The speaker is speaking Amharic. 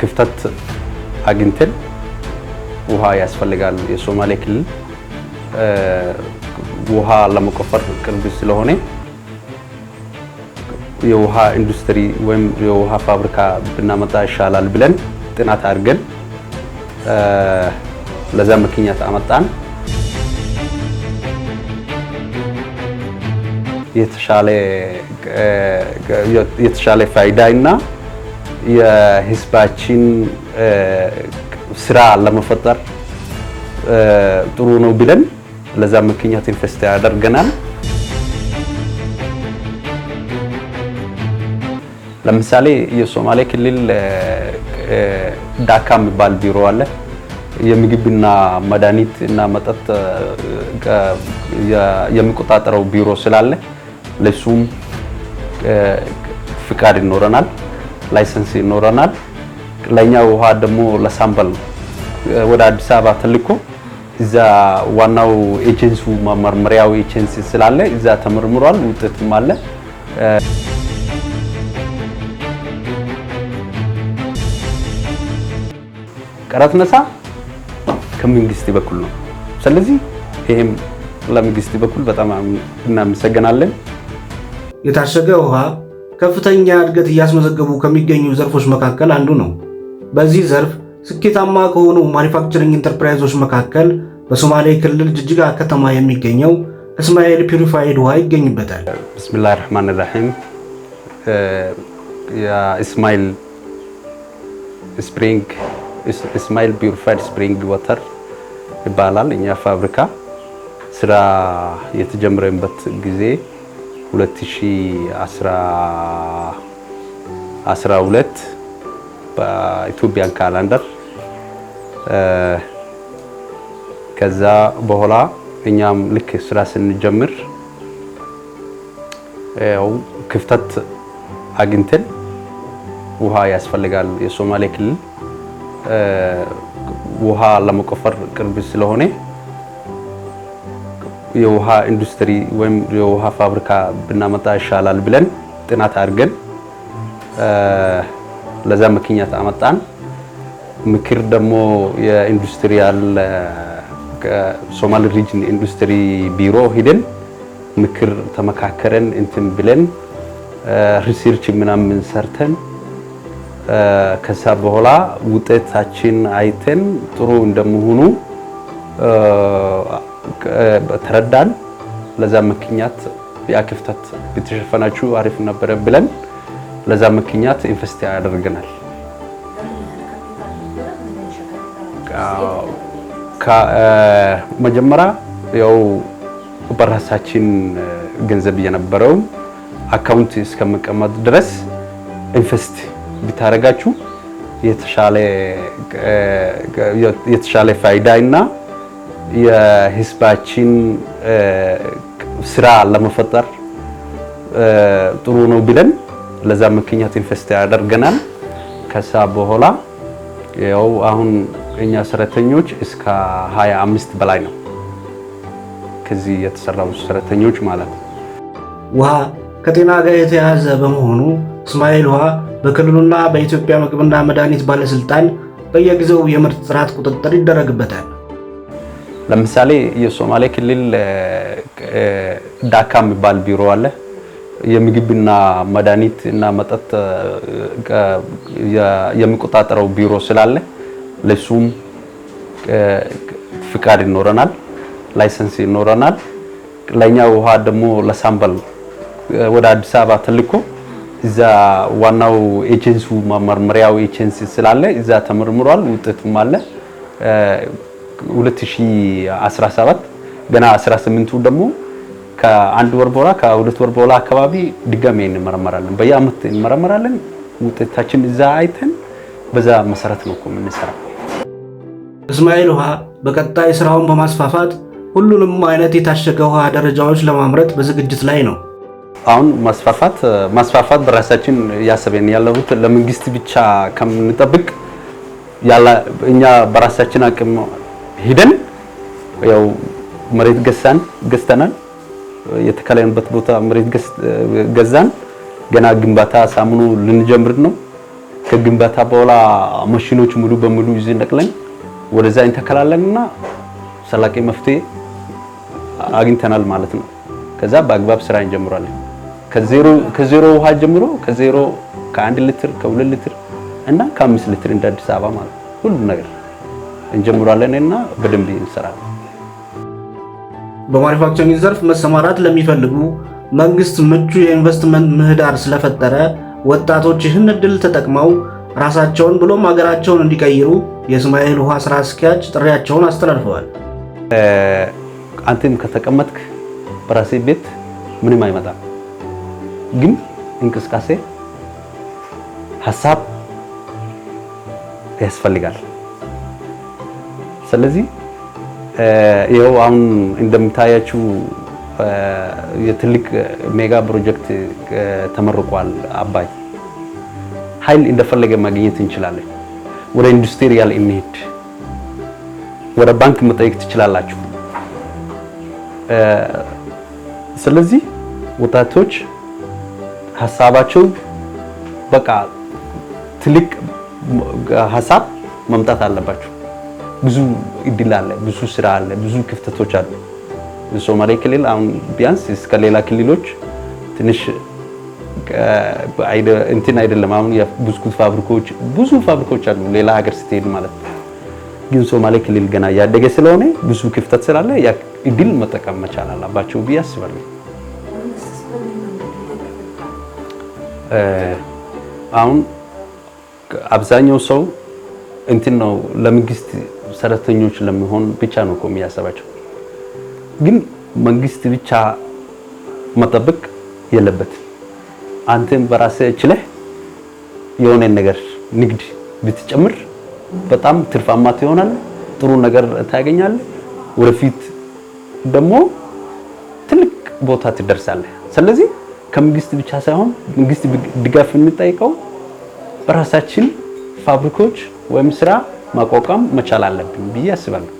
ክፍተት አግኝተን ውሃ ያስፈልጋል። የሶማሌ ክልል ውሃ ለመቆፈር ቅርብ ስለሆነ የውሃ ኢንዱስትሪ ወይም የውሃ ፋብሪካ ብናመጣ ይሻላል ብለን ጥናት አድርገን ለዛ ምክንያት አመጣን። የተሻለ ፋይዳ እና የህዝባችን ስራ ለመፈጠር ጥሩ ነው ብለን ለዛ ምክንያት ኢንቨስት ያደርገናል። ለምሳሌ የሶማሌ ክልል ዳካ የሚባል ቢሮ አለ። የምግብና መድኃኒት እና መጠጥ የሚቆጣጠረው ቢሮ ስላለ ለሱም ፍቃድ ይኖረናል። ላይሰንስ ይኖረናል። ለእኛ ውሃ ደግሞ ለሳምበል ነው ወደ አዲስ አበባ ተልኮ እዛ ዋናው ኤጀንሱ መመርመሪያው ኤጀንሲ ስላለ እዛ ተመርምሯል፣ ውጤትም አለ። ቀረጥ ነፃ ከመንግስት በኩል ነው። ስለዚህ ይህም ለመንግስት በኩል በጣም እናመሰግናለን። የታሸገ ውሃ ከፍተኛ እድገት እያስመዘገቡ ከሚገኙ ዘርፎች መካከል አንዱ ነው። በዚህ ዘርፍ ስኬታማ ከሆኑ ማኒፋክቸሪንግ ኢንተርፕራይዞች መካከል በሶማሌ ክልል ጅጅጋ ከተማ የሚገኘው እስማኤል ፒሪፋይድ ውሃ ይገኝበታል። ብስሚላ ራህማን ራሒም እስማኤል ፒሪፋይድ ስፕሪንግ ወተር ይባላል። እኛ ፋብሪካ ስራ የተጀመረበት ጊዜ 2012 በኢትዮጵያን ካላንደር ከዛ በኋላ እኛም ልክ ስራ ስንጀምር ያው ክፍተት አግኝተን ውሃ ያስፈልጋል። የሶማሌ ክልል ውሃ ለመቆፈር ቅርብ ስለሆነ የውሃ ኢንዱስትሪ ወይም የውሃ ፋብሪካ ብናመጣ ይሻላል ብለን ጥናት አድርገን ለዛ ምክንያት አመጣን። ምክር ደግሞ የኢንዱስትሪያል ሶማሊ ሪጅን ኢንዱስትሪ ቢሮ ሂደን ምክር ተመካከረን እንትን ብለን ሪሰርች ምናምን ሰርተን ከዛ በኋላ ውጤታችን አይተን ጥሩ እንደመሆኑ ተረዳን። ለዛ ምክንያት ያ ክፍተት አሪፍ ነበረ ብለን ለዛ ምክንያት ኢንቨስቲ ያደርገናል። መጀመሪያ ያው በራሳችን ገንዘብ የነበረው አካውንት እስከመቀመጥ ድረስ ኢንቨስት ቢታረጋችሁ የተሻለ ፋይዳ እና የህዝባችን ስራ ለመፈጠር ጥሩ ነው ብለን ለዛ ምክንያት ኢንቨስት ያደርገናል። ከዛ በኋላ ያው አሁን እኛ ሰራተኞች እስከ 25 በላይ ነው ከዚህ የተሰራው ሰራተኞች ማለት ነው። ውሃ ከጤና ጋር የተያያዘ በመሆኑ እስማኤል ውሃ በክልሉና በኢትዮጵያ ምግብና መድኃኒት ባለስልጣን በየጊዜው የምርት ጥራት ቁጥጥር ይደረግበታል። ለምሳሌ የሶማሌ ክልል ዳካ የሚባል ቢሮ አለ። የምግብና መድኃኒት እና መጠጥ የሚቆጣጠረው ቢሮ ስላለ ለሱም ፍቃድ ይኖረናል፣ ላይሰንስ ይኖረናል። ለእኛ ውሃ ደግሞ ለሳምበል ወደ አዲስ አበባ ተልኮ እዛ ዋናው ኤጀንሲው መመርመሪያው ኤጀንሲ ስላለ እዛ ተመርምሯል፣ ውጤቱም አለ። 2017 ገና 18ቱ ደግሞ ከአንድ ወር በኋላ ከሁለት ወር በኋላ አካባቢ ድጋሜ እንመረመራለን። በየአመት እንመረመራለን። ውጤታችን እዛ አይተን በዛ መሰረት ነው የምንሰራ። እስማኤል ውሃ በቀጣይ ስራውን በማስፋፋት ሁሉንም አይነት የታሸገ ውሃ ደረጃዎች ለማምረት በዝግጅት ላይ ነው። አሁን ማስፋፋት ማስፋፋት በራሳችን እያሰብን ያለሁት ለመንግስት ብቻ ከምንጠብቅ እኛ በራሳችን አቅም ሄደን ያው መሬት ገሳን ገዝተናል። የተከለንበት ቦታ መሬት ገዛን። ገና ግንባታ ሳምኑ ልንጀምር ነው። ከግንባታ በኋላ ማሽኖች ሙሉ በሙሉ ይዘን ነቅለን ወደዛ እንተከላለንና ሰላቂ መፍትሄ አግኝተናል ማለት ነው። ከዛ በአግባብ ስራ እንጀምራለን። ከዜሮ ከዜሮ ውሃ ጀምሮ ከዜሮ ከአንድ ሊትር ከሁለት ሊትር እና ከአምስት ሊትር እንደ አዲስ አበባ ማለት ሁሉ ነገር እንጀምራለን እና በደንብ እንሰራለን። በማኑፋክቸሪንግ ዘርፍ መሰማራት ለሚፈልጉ መንግስት ምቹ የኢንቨስትመንት ምህዳር ስለፈጠረ ወጣቶች ይህን እድል ተጠቅመው ራሳቸውን ብሎም ሀገራቸውን እንዲቀይሩ የእስማኤል ውሃ ስራ አስኪያጅ ጥሪያቸውን አስተላልፈዋል። አንተም ከተቀመጥክ በራሴ ቤት ምንም አይመጣም፣ ግን እንቅስቃሴ ሀሳብ ያስፈልጋል። ስለዚህ ይኸው አሁን እንደምታያችው የትልቅ ሜጋ ፕሮጀክት ተመርቋል። አባይ ኃይል እንደፈለገ ማግኘት እንችላለን። ወደ ኢንዱስትሪያል እንሄድ። ወደ ባንክ መጠየቅ ትችላላችሁ። ስለዚህ ወጣቶች ሀሳባቸው በቃ ትልቅ ሀሳብ መምጣት አለባቸው። ብዙ እድል አለ፣ ብዙ ስራ አለ፣ ብዙ ክፍተቶች አለ። ሶማሌ ክልል አሁን ቢያንስ እስከ ሌላ ክልሎች ትንሽ እንትን አይደለም። አሁን የብስኩት ፋብሪካዎች ብዙ ፋብሪካዎች አሉ ሌላ ሀገር ስትሄድ ማለት ነው። ግን ሶማሌ ክልል ገና እያደገ ስለሆነ ብዙ ክፍተት ስላለ ያ እድል መጠቀም መቻል አለባቸው ብዬ አስባለሁ። አሁን አብዛኛው ሰው እንትን ነው ለመንግስት ሰራተኞች ለመሆን ብቻ ነው ቆም ያሰባቸው ግን መንግስት ብቻ መጠበቅ የለበት። አንተም በራስህ ችለህ የሆነ ነገር ንግድ ብትጨምር በጣም ትርፋማ ትሆናል። ጥሩ ነገር ታገኛለህ። ወደፊት ደግሞ ትልቅ ቦታ ትደርሳለህ። ስለዚህ ከመንግስት ብቻ ሳይሆን መንግስት ድጋፍ የምንጠይቀው በራሳችን ፋብሪካዎች ወይም ስራ መቋቋም መቻል አለብኝ ብዬ አስባለሁ።